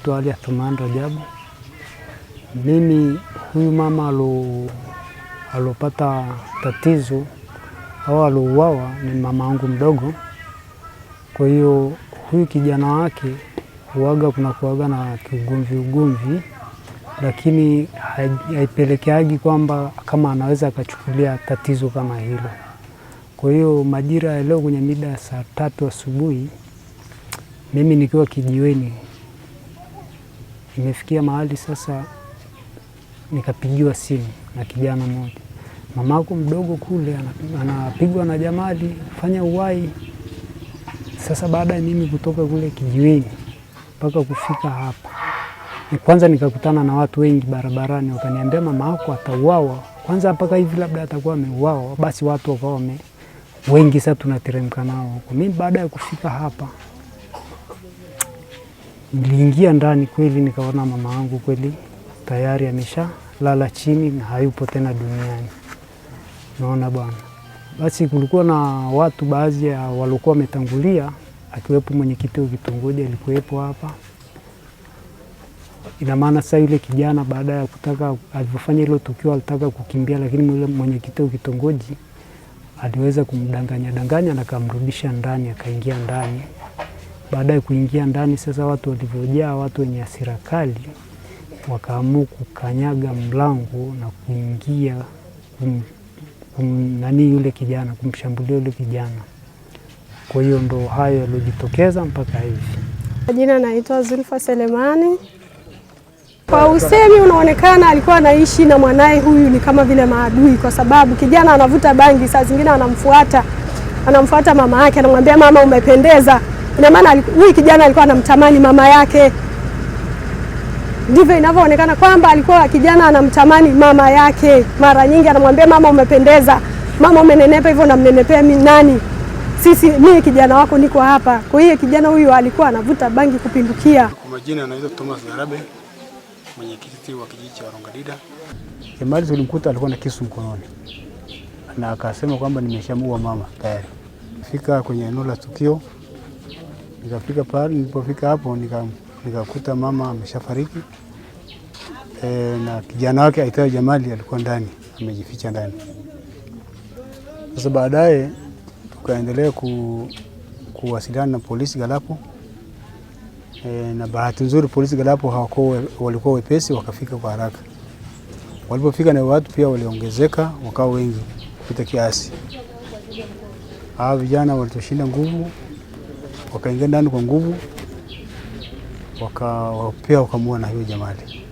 naitwa Ali Athuman Rajabu. Mimi huyu mama alo alopata tatizo au alouawa ni mama wangu mdogo. Kwa hiyo huyu kijana wake huaga kuna kuaga na kiugomvi ugomvi, lakini haipelekeagi kwamba kama anaweza akachukulia tatizo kama hilo. Kwa hiyo majira ya leo kwenye mida ya saa tatu asubuhi mimi nikiwa kijiweni Imefikia mahali sasa nikapigiwa simu na kijana mmoja, mamako mdogo kule anapigwa na Jamali, fanya uwai. Sasa baada ya mimi kutoka kule kijiweni mpaka kufika hapa, kwanza nikakutana na watu wengi barabarani, wakaniambia mama yako atauawa kwanza, mpaka hivi labda atakuwa ameuawa. Basi watu wakawa wengi, sasa tunateremka nao huko. Mimi baada ya kufika hapa niliingia ndani kweli, nikaona mama yangu kweli tayari amesha lala chini na hayupo tena duniani. Naona bwana, basi kulikuwa na watu baadhi ya waliokuwa wametangulia, akiwepo mwenyekiti wa kitongoji alikuwepo hapa. Ina maana sasa yule kijana baada ya kutaka, alivyofanya hilo tukio, alitaka kukimbia, lakini mwenyekiti wa kitongoji aliweza kumdanganya danganya na akamrudisha ndani, akaingia ndani baadaye kuingia ndani. Sasa watu walivyojaa, watu wenye hasira kali wakaamua kukanyaga mlango na kuingia kum, kum, nani yule kijana kumshambulia yule kijana. Kwa hiyo ndo hayo yaliyojitokeza mpaka hivi. Jina naitwa Zulfa Selemani. Kwa usemi unaonekana alikuwa anaishi na mwanaye huyu ni kama vile maadui, kwa sababu kijana anavuta bangi, saa zingine anamfuata anamfuata mama yake, anamwambia mama, umependeza Ina maana huyu kijana alikuwa anamtamani mama yake, ndivyo inavyoonekana kwamba alikuwa kijana anamtamani mama yake. Mara nyingi anamwambia mama, umependeza, mama umenenepa, hivyo namnenepea mimi nani? Sisi mimi kijana wako niko hapa. Kwa hiyo kijana huyu alikuwa anavuta bangi kupindukia. Kwa majina anaitwa Thomas Garabe, mwenyekiti wa kijiji cha Rongadida. Emali tulimkuta alikuwa na kisu mkononi na akasema kwamba nimeshamua mama tayari. Fika kwenye eneo la tukio Nikafika pale, nilipofika hapo nikakuta nika mama ameshafariki e, na kijana wake aitwaye Jamali alikuwa ndani amejificha ndani. Sasa baadaye tukaendelea ku, kuwasiliana na polisi Galapo e, na bahati nzuri polisi Galapo hawako, walikuwa wepesi, wakafika kwa haraka. Walipofika na watu pia waliongezeka, wakawa wengi kupita kiasi. Hawa vijana walitushinda nguvu wakaingia ndani kwa nguvu, waka pia wakamua na hiyo jamali.